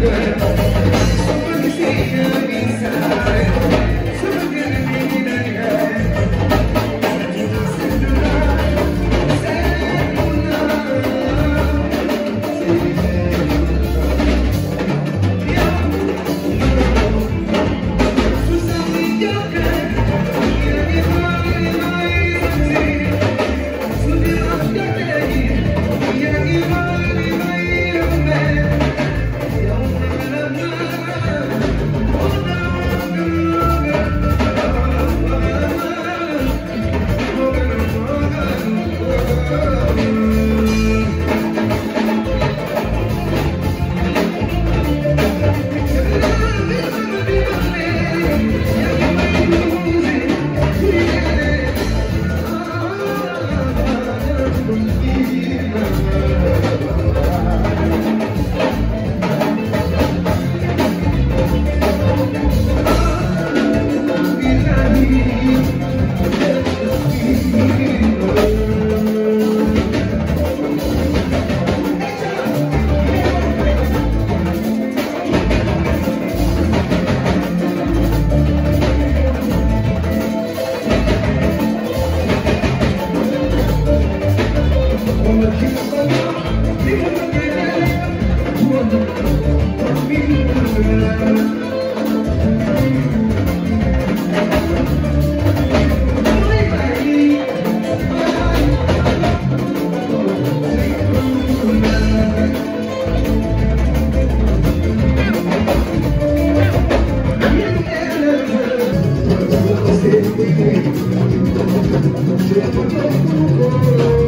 good. Thank you.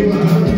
Amen.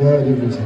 jaajëf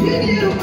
Сидел,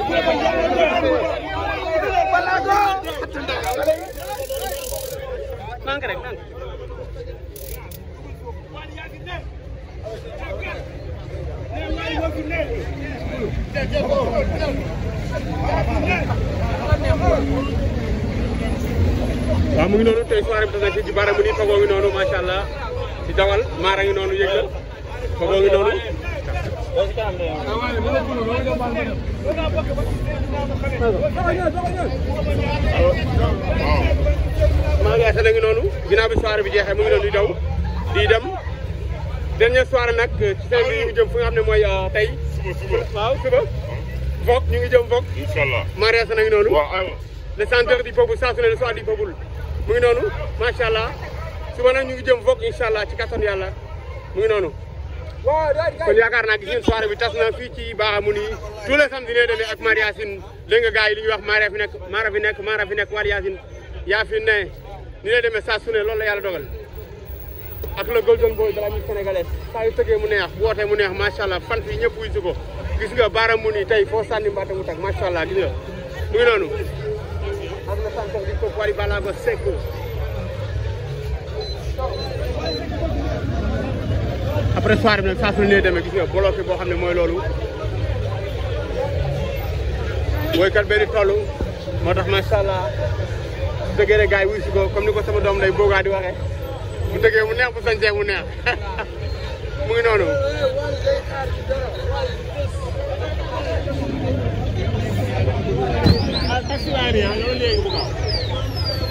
nang rek mu ngi noonu tey soirée bi dana ci ji mu ni fagoo noonu macha allah ci dawal ngi noonu yëgal fagoo noonu maa ngi asa ngi noonu ginnaaw bi soirée bi jeexee mu ngi noonu di daw di dem dernière soirée nag ci seen bi ñu jëm fu nga xam ne mooy euh, tey waaw suba Vogue ñu ngi jëm Vogue inshallah maa ngi asa ngi noonu le centre du peuple saa su ne le soir du mu ngi noonu macha allah suba nag ñu ngi jëm Vogue inshallah ci kattan yàlla mu ngi noonu kon yaakaar naa gis ngeen soirée bi tas na fii ci Baaxamu nii tous les samedi lay demee ak Mariasine dégg nga gars yi li ñuy wax Maria fi nekk Mara fi nekk Mara fi nekk Mariasine yaa fi ne ni lay demee saa su ne loolu la yàlla dogal ak le golden boy de la musique sénégalaise saa yu tëggee mu neex bu wootee mu neex macha allah fan fii ñëpp wuy si ko gis nga Baaxamu nii tey foo sànni mbaata mu tag macha allah gis nga di ko Wally Ballago Seck après soirée bi nag saa su ne demee gis nga bloqué boo xam ne mooy loolu woykat benn toll moo tax macha allah su dëggee ne gars yi wuyu si ko ni ko sama doom day boogaa di waxee bu dëggee mu neex bu sañsee mu neex mu ngi noonu